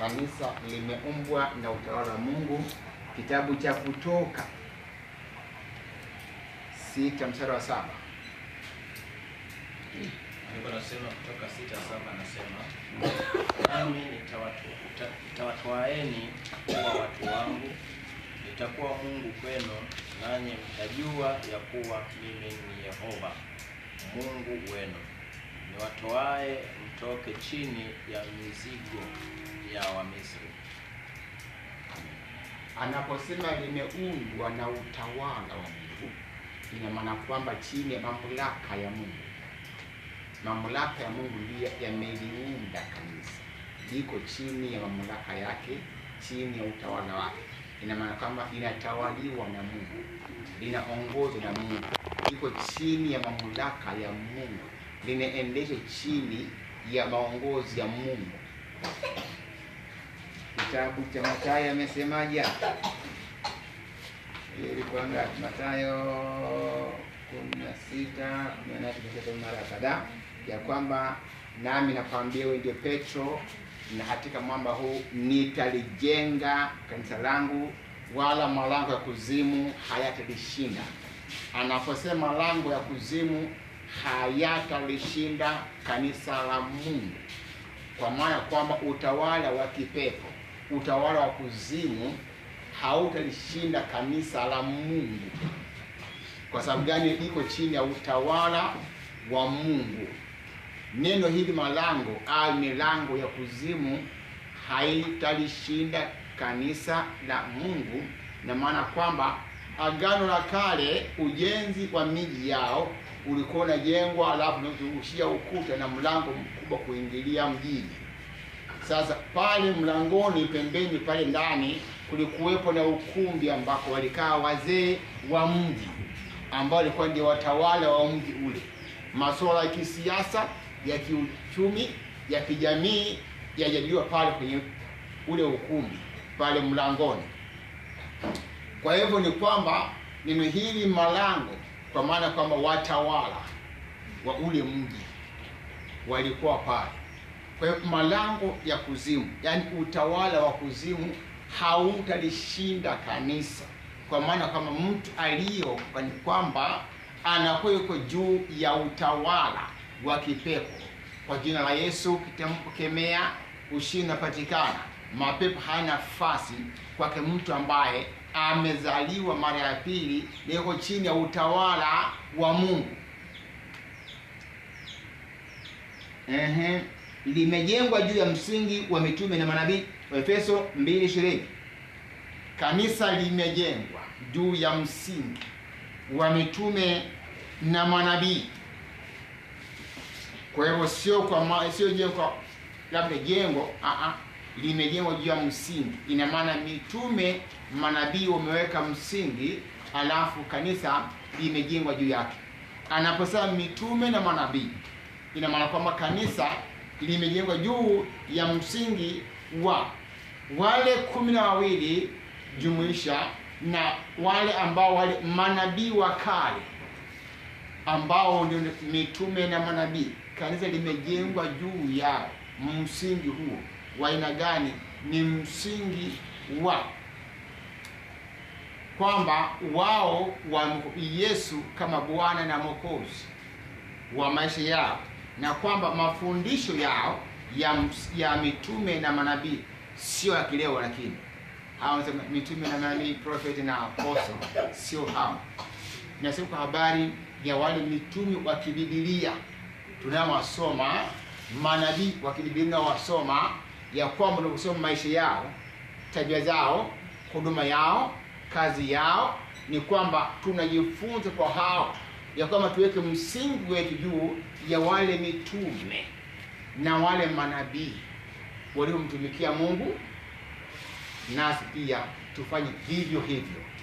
Kanisa limeumbwa na utawala wa Mungu. Kitabu cha Kutoka sita mstari wa saba nasema kutoka sita saba nasema nami nitawatwaeni kuwa watu wangu, nitakuwa Mungu kwenu, nanyi mtajua ya kuwa mimi ni Yehova Mungu wenu niwatoae mtoke chini ya mizigo ya Wamisri. Anaposema limeundwa na utawala wa Mungu, ina maana kwamba chini ya mamlaka ya Mungu, mamlaka ya Mungu ndiyo yameliunda kanisa, liko chini ya mamlaka yake, chini ya utawala wake. Ina maana kwamba inatawaliwa na Mungu, linaongozwa na Mungu, liko chini ya mamlaka ya Mungu linaendeshwa chini ya maongozi ya Mungu. Kitabu cha Mathayo amesemaje? Ilikuwa ngapi? Mathayo kumi na sita mara kadhaa ya kwamba nami nakwambia wewe ndio Petro, na katika mwamba huu nitalijenga kanisa langu, wala malango ya kuzimu hayatalishinda. Anaposema malango ya kuzimu hayatalishinda kanisa la Mungu, kwa maana kwamba utawala wa kipepo, utawala wa kuzimu hautalishinda kanisa la Mungu. Kwa sababu gani? Iko chini ya utawala wa Mungu. Neno hili malango au milango ya kuzimu haitalishinda kanisa la Mungu, na maana kwamba Agano la Kale, ujenzi wa miji yao ulikuwa unajengwa, alafu unazungushia ukuta na mlango mkubwa kuingilia mjini. Sasa pale mlangoni, pembeni pale ndani, kulikuwepo na ukumbi ambako walikaa wazee wa mji ambao walikuwa ndio watawala wa mji ule. Masuala ya kisiasa, ya kiuchumi, ya kijamii yajadiliwa pale kwenye ule ukumbi pale mlangoni. Kwa hivyo ni kwamba neno hili malango kwa maana kwamba watawala wa ule mji walikuwa pale. Kwa hiyo malango ya kuzimu, yani utawala wa kuzimu hautalishinda kanisa, kwa maana kama mtu aliyo ni kwamba anakuwa yuko juu ya utawala wa kipepo. Kwa jina la Yesu kitamkemea, ushindi unapatikana, mapepo haya nafasi kwake mtu ambaye amezaliwa mara ya pili, liko chini ya utawala wa Mungu. Ehe, limejengwa juu ya msingi wa mitume na manabii, Efeso 2:20. Kanisa limejengwa juu ya msingi wa mitume na manabii. Kwa hivyo sio kwa sio jengo labda jengo a ah, a ah, limejengwa juu ya msingi. Ina maana mitume, manabii wameweka msingi, alafu kanisa limejengwa juu yake. Anaposema mitume na manabii, ina maana kwamba kanisa limejengwa juu ya msingi wa wale kumi na wawili jumuisha na wale ambao wale manabii wa kale ambao ndio mitume na manabii. Kanisa limejengwa juu ya msingi huo wa aina gani ni msingi wa kwamba wao wa Yesu kama Bwana na Mwokozi wa maisha yao na kwamba mafundisho yao ya, ya mitume na manabii sio ya kileo, lakini hao mitume na manabii, prophet na apostle, sio hao. Nasema kwa habari ya wale mitume wa kibibilia tunaowasoma, manabii wa kibiblia, wasoma ya kwamba unavyosoma maisha yao, tabia zao, huduma yao, kazi yao, ni kwamba tunajifunza kwa hao ya kwamba tuweke msingi wetu juu ya wale mitume na wale manabii waliomtumikia Mungu, nasi pia tufanye vivyo hivyo.